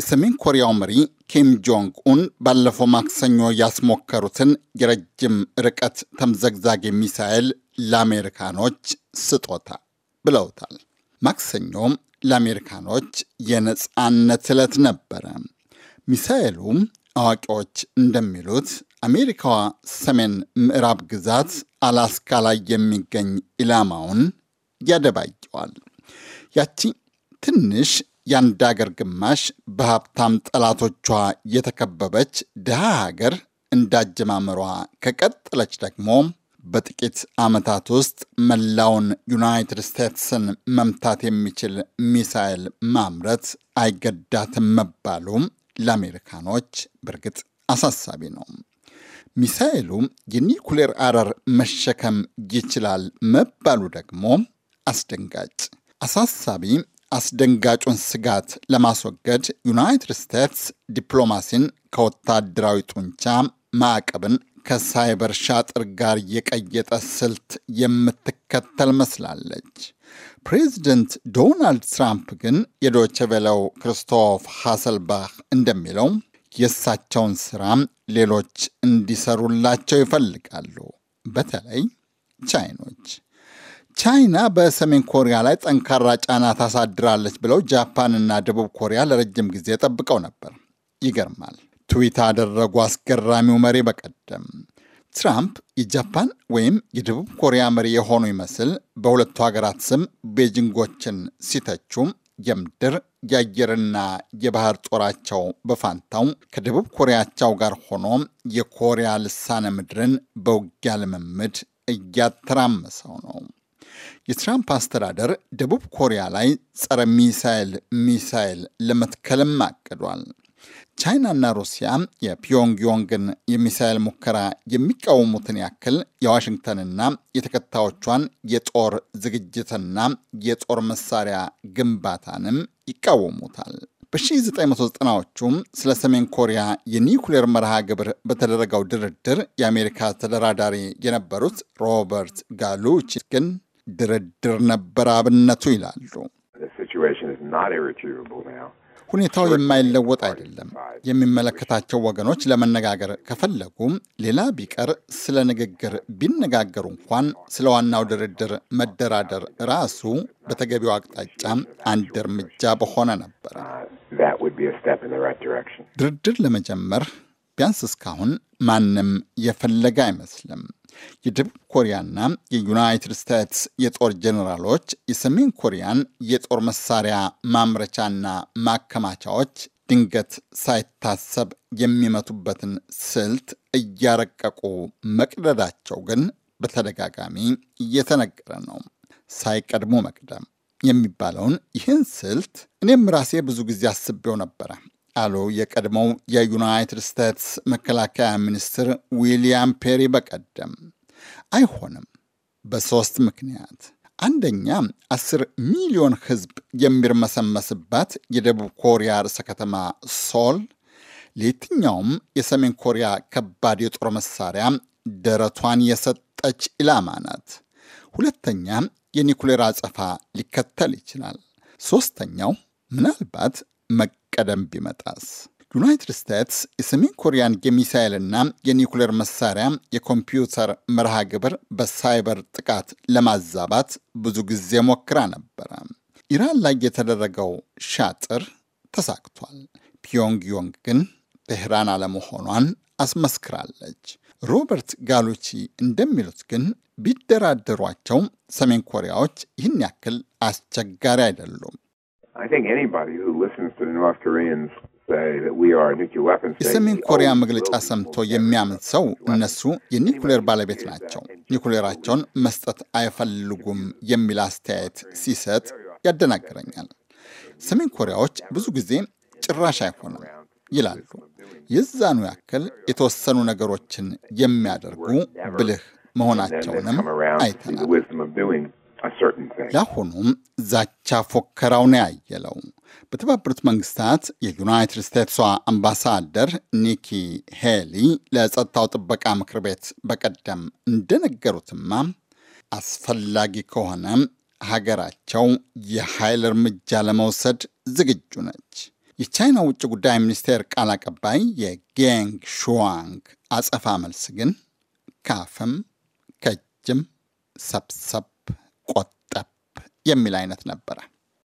የሰሜን ኮሪያው መሪ ኪም ጆንግ ኡን ባለፈው ማክሰኞ ያስሞከሩትን የረጅም ርቀት ተምዘግዛጊ ሚሳኤል ለአሜሪካኖች ስጦታ ብለውታል። ማክሰኞም ለአሜሪካኖች የነፃነት ዕለት ነበረ። ሚሳኤሉ አዋቂዎች እንደሚሉት አሜሪካዋ ሰሜን ምዕራብ ግዛት አላስካ ላይ የሚገኝ ኢላማውን ያደባየዋል። ያቺ ትንሽ የአንድ አገር ግማሽ በሀብታም ጠላቶቿ የተከበበች ድሃ ሀገር እንዳጀማመሯ ከቀጠለች ደግሞ በጥቂት ዓመታት ውስጥ መላውን ዩናይትድ ስቴትስን መምታት የሚችል ሚሳይል ማምረት አይገዳትም መባሉ ለአሜሪካኖች በእርግጥ አሳሳቢ ነው። ሚሳይሉ የኒኩሌር አረር መሸከም ይችላል መባሉ ደግሞ አስደንጋጭ፣ አሳሳቢ አስደንጋጩን ስጋት ለማስወገድ ዩናይትድ ስቴትስ ዲፕሎማሲን ከወታደራዊ ጡንቻ፣ ማዕቀብን ከሳይበር ሻጥር ጋር የቀየጠ ስልት የምትከተል መስላለች። ፕሬዚደንት ዶናልድ ትራምፕ ግን የዶይቼ ቬለው ክርስቶፍ ሃሰልባህ እንደሚለው የእሳቸውን ስራም ሌሎች እንዲሰሩላቸው ይፈልጋሉ፣ በተለይ ቻይኖች። ቻይና በሰሜን ኮሪያ ላይ ጠንካራ ጫና ታሳድራለች ብለው ጃፓንና ደቡብ ኮሪያ ለረጅም ጊዜ ጠብቀው ነበር። ይገርማል። ትዊት አደረጉ አስገራሚው መሪ በቀደም ትራምፕ የጃፓን ወይም የደቡብ ኮሪያ መሪ የሆኑ ይመስል በሁለቱ ሀገራት ስም ቤጂንጎችን ሲተቹ የምድር የአየርና የባህር ጦራቸው በፋንታው ከደቡብ ኮሪያቸው ጋር ሆኖ የኮሪያ ልሳነ ምድርን በውጊያ ልምምድ እያተራመሰው ነው። የትራምፕ አስተዳደር ደቡብ ኮሪያ ላይ ጸረ ሚሳይል ሚሳይል ለመትከልም አቅዷል። ቻይናና ሩሲያ የፒዮንግዮንግን የሚሳይል ሙከራ የሚቃወሙትን ያክል የዋሽንግተንና የተከታዮቿን የጦር ዝግጅትና የጦር መሳሪያ ግንባታንም ይቃወሙታል። በ1990ዎቹም ስለ ሰሜን ኮሪያ የኒውክሌር መርሃ ግብር በተደረገው ድርድር የአሜሪካ ተደራዳሪ የነበሩት ሮበርት ጋሉቺ ግን ድርድር ነበር አብነቱ ይላሉ። ሁኔታው የማይለወጥ አይደለም። የሚመለከታቸው ወገኖች ለመነጋገር ከፈለጉ ሌላ ቢቀር ስለ ንግግር ቢነጋገሩ እንኳን ስለ ዋናው ድርድር መደራደር ራሱ በተገቢው አቅጣጫ አንድ እርምጃ በሆነ ነበር። uh, ድርድር ለመጀመር ቢያንስ እስካሁን ማንም የፈለገ አይመስልም። የደቡብ ኮሪያና የዩናይትድ ስቴትስ የጦር ጀኔራሎች የሰሜን ኮሪያን የጦር መሳሪያ ማምረቻና ማከማቻዎች ድንገት ሳይታሰብ የሚመቱበትን ስልት እያረቀቁ መቅደዳቸው ግን በተደጋጋሚ እየተነገረ ነው። ሳይቀድሞ መቅደም የሚባለውን ይህን ስልት እኔም ራሴ ብዙ ጊዜ አስቤው ነበረ። አሉ የቀድሞው የዩናይትድ ስቴትስ መከላከያ ሚኒስትር ዊልያም ፔሪ በቀደም። አይሆንም በሦስት ምክንያት አንደኛ አስር ሚሊዮን ሕዝብ የሚርመሰመስባት የደቡብ ኮሪያ ርዕሰ ከተማ ሶል ለየትኛውም የሰሜን ኮሪያ ከባድ የጦር መሳሪያ ደረቷን የሰጠች ኢላማ ናት። ሁለተኛ የኒኩሌር አጸፋ ሊከተል ይችላል። ሦስተኛው ምናልባት መቀ ቀደም ቢመጣስ? ዩናይትድ ስቴትስ የሰሜን ኮሪያን የሚሳይልና የኒውክሌር መሳሪያ የኮምፒውተር መርሃ ግብር በሳይበር ጥቃት ለማዛባት ብዙ ጊዜ ሞክራ ነበረ። ኢራን ላይ የተደረገው ሻጥር ተሳክቷል። ፒዮንግዮንግ ግን ቴህራን አለመሆኗን አስመስክራለች። ሮበርት ጋሉቺ እንደሚሉት ግን ቢደራደሯቸው ሰሜን ኮሪያዎች ይህን ያክል አስቸጋሪ አይደሉም። የሰሜን ኮሪያ መግለጫ ሰምቶ የሚያምን ሰው እነሱ የኒኩሌር ባለቤት ናቸው፣ ኒኩሌራቸውን መስጠት አይፈልጉም የሚል አስተያየት ሲሰጥ ያደናግረኛል። ሰሜን ኮሪያዎች ብዙ ጊዜ ጭራሽ አይሆንም ይላሉ። የዛኑ ያክል የተወሰኑ ነገሮችን የሚያደርጉ ብልህ መሆናቸውንም አይተናል። ለአሁኑም ዛቻ ፎከራው ነው ያየለው። በተባበሩት መንግስታት የዩናይትድ ስቴትሷ አምባሳደር ኒኪ ሄሊ ለጸጥታው ጥበቃ ምክር ቤት በቀደም እንደነገሩትማ አስፈላጊ ከሆነ ሀገራቸው የኃይል እርምጃ ለመውሰድ ዝግጁ ነች። የቻይና ውጭ ጉዳይ ሚኒስቴር ቃል አቀባይ የጌንግ ሹዋንግ አጸፋ መልስ ግን ካፍም ከእጅም ሰብሰብ ቆጠብ የሚል አይነት ነበረ።